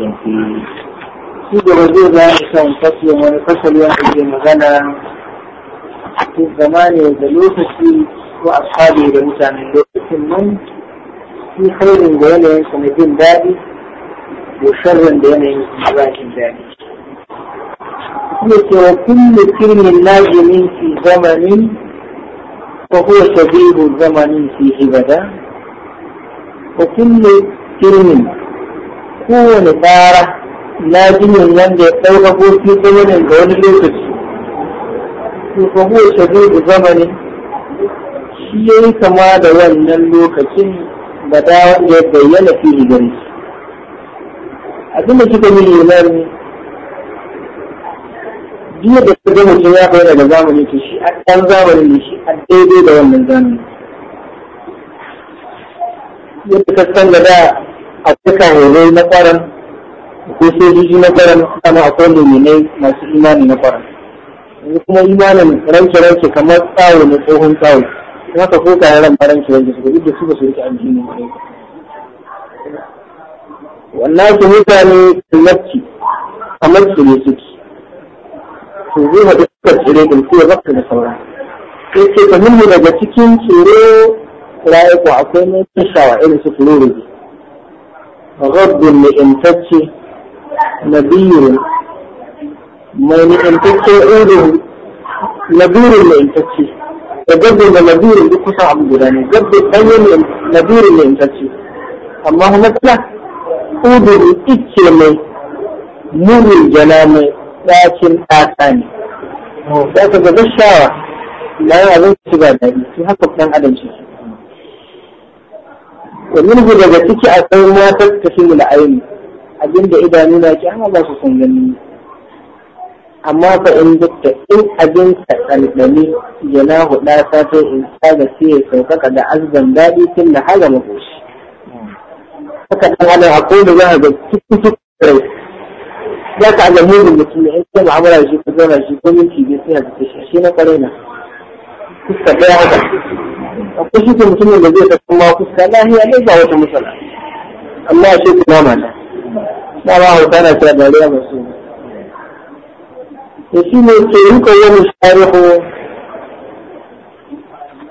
يجب وجود ذلك منقسم والفصل ينقسم الغنم في الزمان والدلوكة وأصحابه لمتعمل من في خير بين سنتين دادي وشر بين سنتين دادي يقول كل كلم لازم في زمن فهو شبيه الزمن فيه بدا وكل كلم kowane tsara na jinin wanda ya ɗauka ko fi tsamanin ga wani lokaci to fa huwa shadidu zamani shi yayi kama da wannan lokacin da da wanda ya bayyana fi gari abinda kika yi nan jiya da kaga mutum ya bayyana da zamani to shi a ɗan zamani ne shi a daidai da wannan zamani yadda ka san da da A cikin kawailai na faran ko sojoji na a sannan ne luminai masu imani na ƙwarar. yanzu kuma imanin ranke ranke kamar tsawo ne tsohon tsawo kuma ka ko kayan ran ranke ranke su duk da su ba su rike addini ba wannan su mutane kullarki kamar su ne suke to zai ma dukkan tsere da kuma zakka da sauran sai ce ta daga cikin tsire ra'ayi ko akwai mai shawa irin su fulurudi غض لإنتك نبير ما لإنتك أوله نبير لإنتك فقد نبير لك صعب جداني قد بين نبير لإنتك اللهم لا أوله إكلمي نور الجنامي لكن آتاني لا قد لا يعلم سبا ذلك في حق ابن أدم شيء ومنه daga ciki akwai ma tattafi da ayin abinda idanu na ki an ba su sun gani amma fa in dukta in abin ka ɗanɗani yana huɗa ta in tsaga sai ya saukaka da azban daɗi tun da haga magoshi haka ɗan adam a kowane za a ga cikin cikin za ka ga mugun mutum in ka mu'amala shi ko zauna shi ko minti biyu sai a ga shi na ƙwarai na fuskar ɗaya haka قصة المسلمين الذي يتقى الله فسكا لا هي ليس هو المسلم الله شيء ما معنى الله كان سبب عليها مسلم يسيم يتعلق يوم الشارح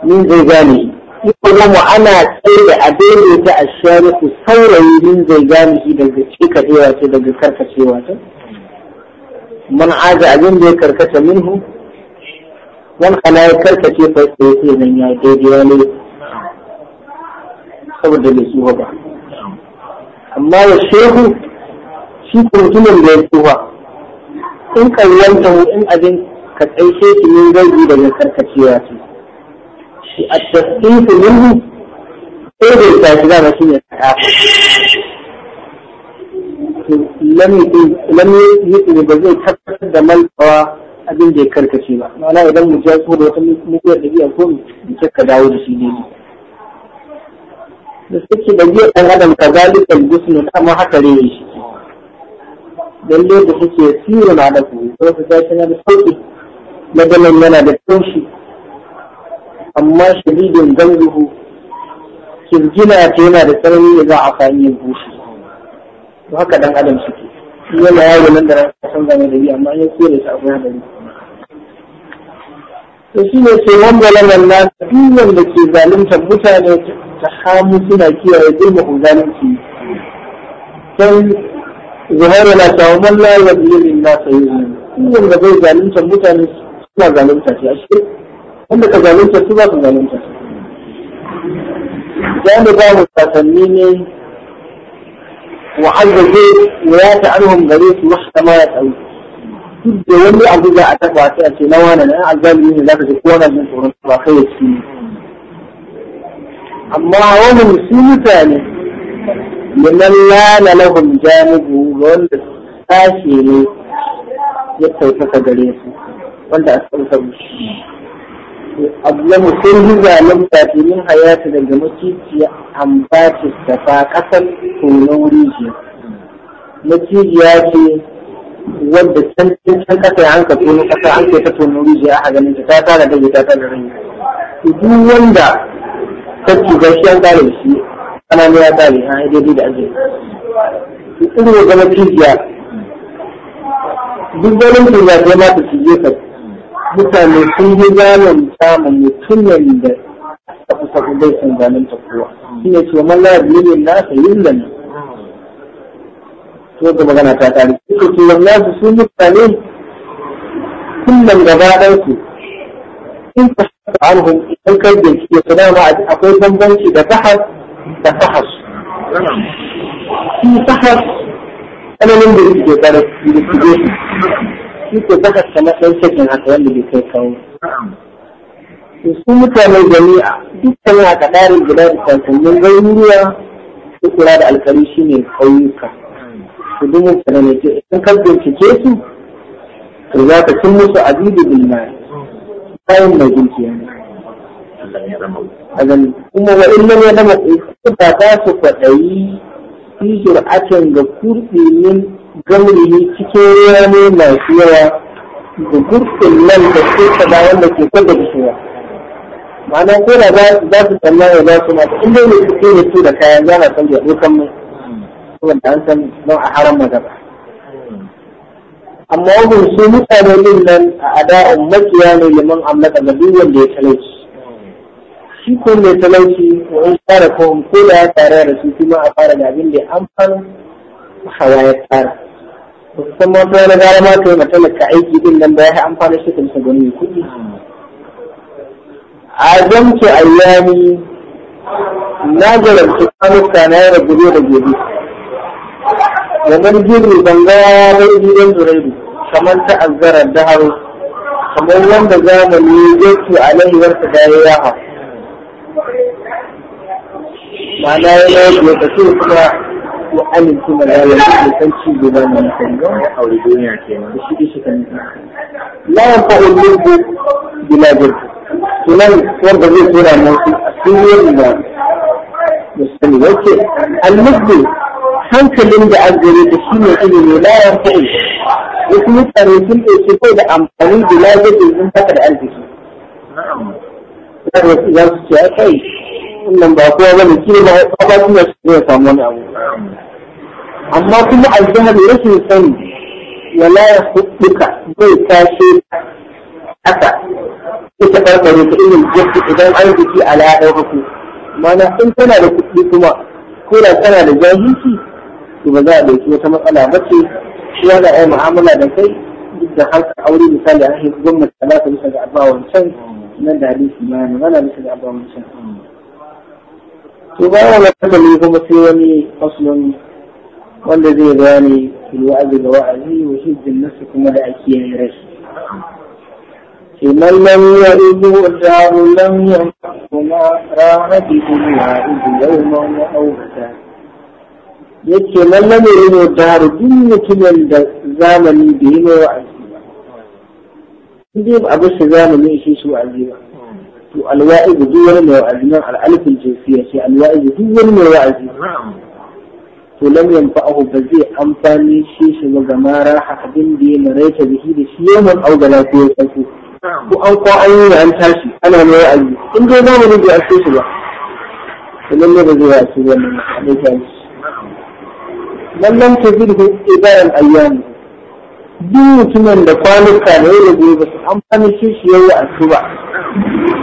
من زيدانه يقولون أنا سيد أبين إذا الشارح ثوري من زيدانه بلغتشي كثيرة بلغتشي كثيرة من عاد أبين ذكر كثيرة منه والخلائق karka ce fa sai sai zan ya daidai wani saboda bai tsuwa ba amma ya shehu shi mutumin da ya tsuwa in karyanta mu in abin ka tsaishe shi min gaibi daga karkacewa ce shi a tasdiqu minhu sai da ta shi da shi ne ta lam yi lam yi ba zai tabbatar da malkawa abin da ya karkace ba ma'ana idan mu ya so da wata mutuwar da biya ko mu ka dawo da shi ne da suke da biyar ɗan adam ka zalika gusnu kama haka ne shi lalle da suke siro na da kuma ko su zai tana da sauki madalan yana da taushi amma shadidin ganguhu kirgina ta yana da tsanani da za a fani bushe. to haka ɗan adam suke yana yawo nan da na san zama da biyu, amma ya kore shi akwai hadari to shi ne sai wanda lamar na duk da ke zalunta mutane ta hamu suna kiyaye zulmuhum zalunci don zuhaira na tawo man la yadlimin na sai duk da bai zalunta mutane suna zalunta shi ashe wanda ka zalunta su ba su zalunta za mu ba mu sasanni ne وعز وجل ويات عنهم غريب محكمات أو duk da wani abu za a taɓa sai a ce na wani na azalimi ne za ka ji ko wani abin tsoron ba kai ya ci amma wani su mutane liman lana lahum janibu wanda sashe ne ya tautaka gare su wanda a tsarkar ablamu sun yi zalim tafi min hayati daga maciciya ambatis da fa kasan tonon rijiya macijiya ce wadda can can kasa ya hanka ko kasa an ce ta tono rijiya a ganin ta ta da ta ta da rai duk wanda ta ci gashi an kare shi ana ne ya kare ha daidai da aje irin ya zama rijiya duk ganin rijiya ta ma ta ci ka mutane sun yi zanen samun mutumin da a kusa kudai sun zanen ta kowa shi ne ce wa mallar bilin nasa yin lanin so da magana ta kare suka ce wallahi sun mutane kullum gaba ɗan su in ka shaka anhum idan kai da ke su dama akwai bambanci da fahar da fahar shi fahar tsananin da yake tsare da ke su shi ke fahar kamar ɗan sakin haka wanda bai kai kawo su mutane jami'a dukkan haka ɗarin guda da kwantannin garuruwa su kula da alkali shi ne ƙauyuka dubu tsananake in ka bincike su to za ka cin musu abidu bilmai kayan mai dukiya ne kuma wa in lam yadama ba za su kwaɗayi fi jur'atin ga kurɗinin gamrihi cikin ruwa ne masu yawa da gurfin nan da ke ba wanda ke kwanda bishiya ma'ana ko da za su tsammanin za su mata inda ne suke ke da su da kayan za na san da kan mai wannan nau'a haram magana amma wajen su mutane din nan a ada'un makiya ne liman amlaka ga duk wanda ya talauci shi ko mai talauci wa in fara ko ko da ya fara da su kuma a fara da abin da an fara hawa ya fara musamman ta wani gara ma kai matalaka aiki din nan da ya amfana shi kuma gani kuɗi azamtu ayyami na jarabtu kwanuka na yara gobe da gobe wannan gini banga mai gidan zuraidu kamar ta'azzarar daharu kamar wanda zamani yake a lahiwar ta daya yaha ma'ana yana yadda ta ce kuma ya amince mana ya yanzu da san ci gaba na mutane da aure duniya ke nan da shi shi kan la ya fa'ul mulku bila jirgi sunan wanda zai tura musu a cikin yadda da sani yake al-mulku لك كان كلم بأجل بسيء علمي لا يرتعي يسمى تريسل يسيطي لأمطاني بلا جد من فتر ألبسي نعم يرسي يا شيء إنما بأقوى من كيلة وقفات يسيطي صامون لك أما كل الزهر يرسي الثاني ولا يخطبك بيكا شيء أتا يتقرق ريسل الجهد إذا ألبسي على أوركو ما نحن كنا لكتبكما كنا كنا لجاهيسي to ba za a ɗauki wata matsala ba ce shi ya da ai mu'amala da kai duk da harka aure misali a haifi gwamnati talata bisa ga abba wancan nan da hadisi ma ya magana bisa ga abba wancan. to bayan wani tabbalin kuma sai wani fasulun wanda zai gane wa'azi da wa'azi wa hijjin nasu kuma da ake yin rashi. لمن لم يرد الدار لم ينفق ما راح بدنيا إذ يوما أو متى yake nan na ne ne daru duk mutumin da zamani da yi mai wa'azi ba in dai abu su zamani shi su wa'azi ba to alwa'izu duk wani mai wa'azi nan al'alfin jinsiya ce alwa'izu duk wani mai wa'azi to lam yanfa'ahu ba zai amfani shi shi ga mara abin da ya maraita da shi da shi yawan augala ko ya tsako ko an ko an yi an tashi ana mai wa'azi in dai zamani bai ashe shi ba to lalle ba zai wa'azi wannan alaikum لن تجده إبارة الأيام دون تمن لطالب كان هو الذي بس عمان يشيش يوي أكتبع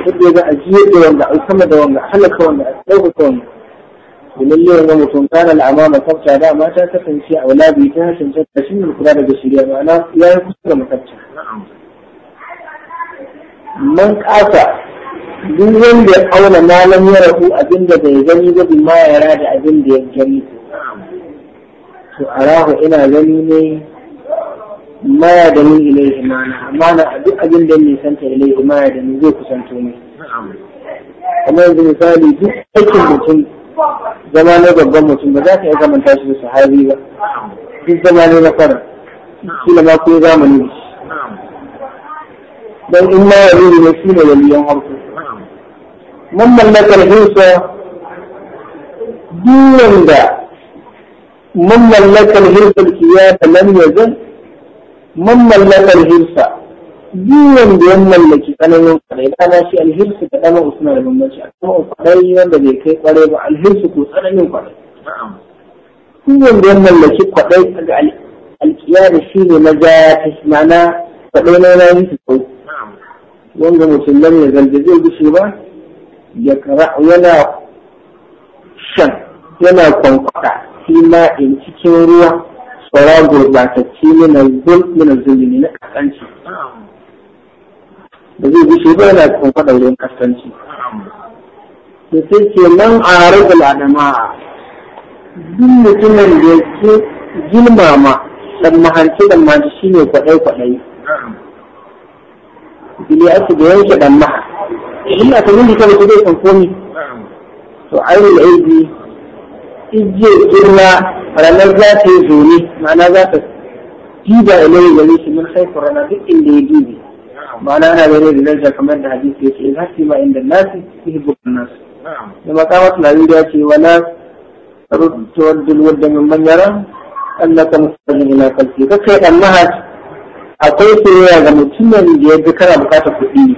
تبدأ أجيئ دوانا أو كما دوانا حلق دوانا أكتبه كون من اللي هو مطمئن كان العمامة تبتع لا ما تأتف إن شاء ولا بيتها سنجد تشين القرار بسيريا معنا لا يكسر ما تبتع من كافة دون ذلك أولا ما لم يره أجندة يجنيد بما يراد أجندة الجريد أراه إلى جنيني ما يدني إليه معنى معنى أبن دني سنت إليه ما يدني ذوك سنتوني kuma yanzu misali duk aikin mutum zama na babban mutum ba za ka iya zamanta shi da sahabi ba duk zama ne na fara shi da ma ko zamani don in ma yanzu ne shi ne waliyan harko mun mallakar hinsa duk wanda من لك الهرس الكياس لم يزل من لك الهرس دين دين لك أنا قريب أنا شيء الهرس كأنا أسمع من مشي أنا قريب بديك قريب الهرس كأنا نعم. من قريب نعم دين دين ملك قريب أجعل الكياس شيء مزاج معنا فقينا لا يسكت نعم wanda musulman ya zalda zai gushe ba ya kara fi ma'in cikin ruwa tsara gurbatacce yana zulmi na kasance da zai gushe ba yana cikin kwaɗaurin kasance da sai ke nan a ragal adama duk mutumin da ya ke girmama dan mahanci dan mahanci shine kwaɗai-kwaɗai a su da yanke dan maha ina ta nuna ta mutu zai kan komi to ainihin aiki igiyar girma ranar za ta yi zone ma'ana za ta diba ilai gare shi min haifu rana duk inda ya dubi ma'ana ana da rai daraja kamar da hadisi yake in hasi ma inda nasi yi bukun nasu da makamatu na ya ce wala rutuwar dulwar da min manyaran Allah ka musajin ila kalfi ka kai dan mahaj akwai soyayya ga mutumin da ya ji kana bukatar kuɗi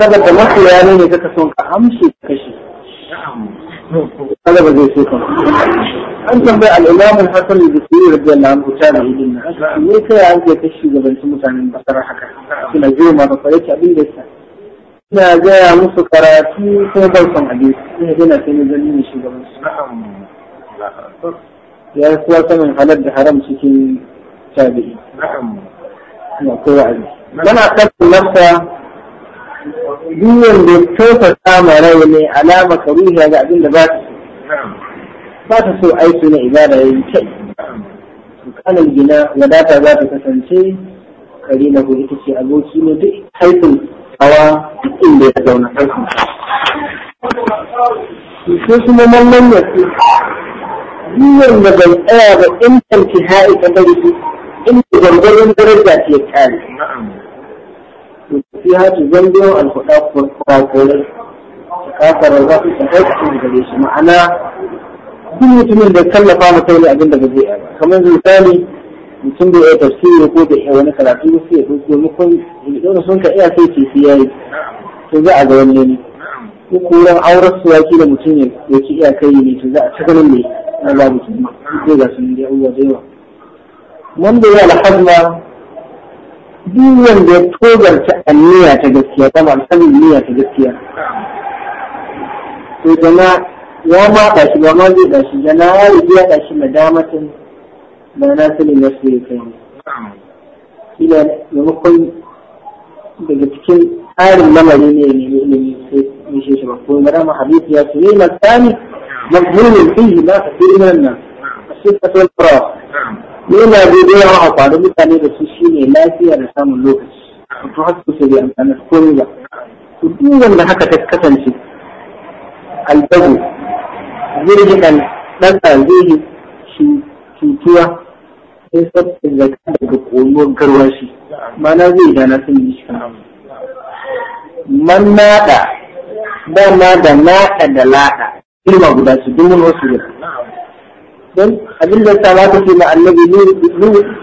saboda masoya ne ne kaka son ka amshi ka kashe هذا بدي يشوفهم انتم بقى الامام الحسن البصري رضي الله عنه كان يدنا ليه كده عايز يكشف جبل mutanen basara haka suna girma da kwaye abin da yasa ina gaya musu karatu kuma ban son abin ina gina sai ne zalimi shugaban su ya yi kuwa sanin halar da haram cikin tabi'i na kowa abin mana kan nafsa biyan da tofa sama rai ne alama karuhiya ga abin da ba ta ba ta so aiki na ibada ya yi kyau kanin gina wadata za ta kasance kare na gudu ta ce aboki ne duk haifin hawa inda ya zauna haifin sai kuma mallan ya ce biyan da bai tsaya ba in tanki ha'i ta bari in da gwargwaron daraja ce kare وفيها تزلزل الخطاب والقاقول كافر الرأس تحس الجليس معناه duk mutumin da tallafa mata wani abin da ba zai ba kamar misali mutum da ya tafsiri ko da ya wani karatu da sai ya dauko mukun idan sun ka iya sai ce yayi to za a ga wanne ne ko kuran auren su yaki da mutum ya yake iya kai ne to za a ci ganin ne Allah mutum ko ga sun da abubuwa da yawa wanda ya alhamma duk wanda ya togarci تنمية تجسية طبعا تنمية تجسية وجماعة وما تشي وما دي تشي جماعة يجي تشي مدامة مناسة لنسل الكلام إلى يمكن بجتكين آل لما يني يني يني يني مرام حبيث يا سليم الثاني نعم. مضمون فيه نعم. نعم. لا تفير من الناس الشيخة والفراغ لما بيبيع عطا لما تاني رسوشيني لا تيرسام اللوكس masu su da amfani komai ba to duk wanda haka ta kasance albago zirginan ɗansa zai cutuwa sai sabta zaka daga koyuwar garwashi mana zai dana sun yi shi man naɗa dama da naɗa da laɗa girma guda su dumin wasu yau don abin da sa ba ta ce na annabi ne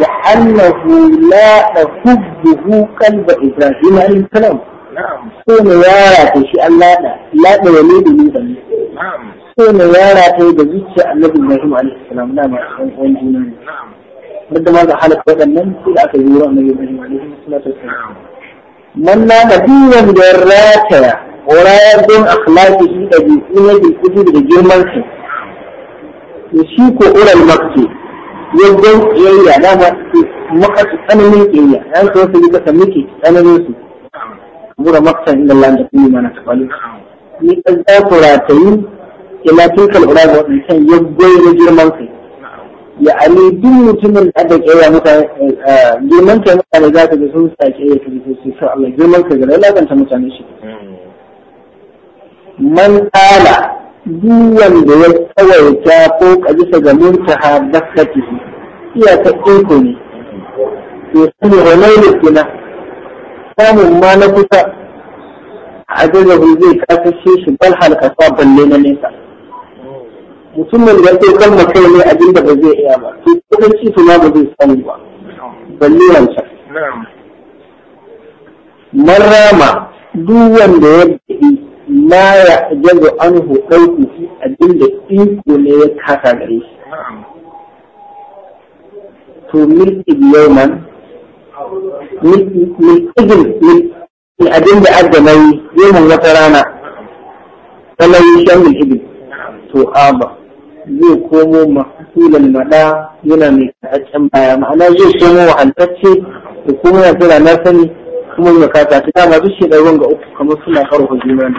لأنه لا تفضه قلب إبراهيم عليه السلام نعم سونا يارا تشي الله لا لا تولي بني نعم سونا يارا تيدي تشي النبي عليه السلام لا ما أخوان نعم بدا ما ذا حالك بدا من سيلا تزورا النبي عليه السلام نعم من لا مدينة مدراتة ولا يردون أخلاقه إذا جيسينه بالكتب لجرمانك wajen kiyayya dama maka tsananin kiyayya an so su yi kasa miki tsananin su mura maksan inda Allah da kuma mana tabalu ni an za ku ratayi ila tun kalbura ga wadancan yaggoyi na girman kai ya ali duk mutumin da aka kiyayya mutane girman kai mutane za ka ga sun sa kiyayya ka ji su sai Allah girman kai ga lalata mutane shi man tsala duk wanda ya tsawaita ko kabisa ga jiki iya ta iko ne to sani walaili kina samun ma na kusa a ajabahu zai kasa shi bal halkasa balle na nesa mutumin da ya kan kai ne abin da ba zai iya ba to kudanci su ma ba zai sani ba balle wancan Marama rama duk wanda ya ma ya jago an hukauku abin da iko ne ya kasa gare shi to milki yawman milki abin da adda mai yawman wata rana talayi shan milki to aba zai komo mahasulan mada yana mai kaɗaccen baya ma'ana zai komo wahaltacce da kuma yana na sani kuma ya kasa ta dama duk shi ɗaruwan ga uku kamar suna karo juna ne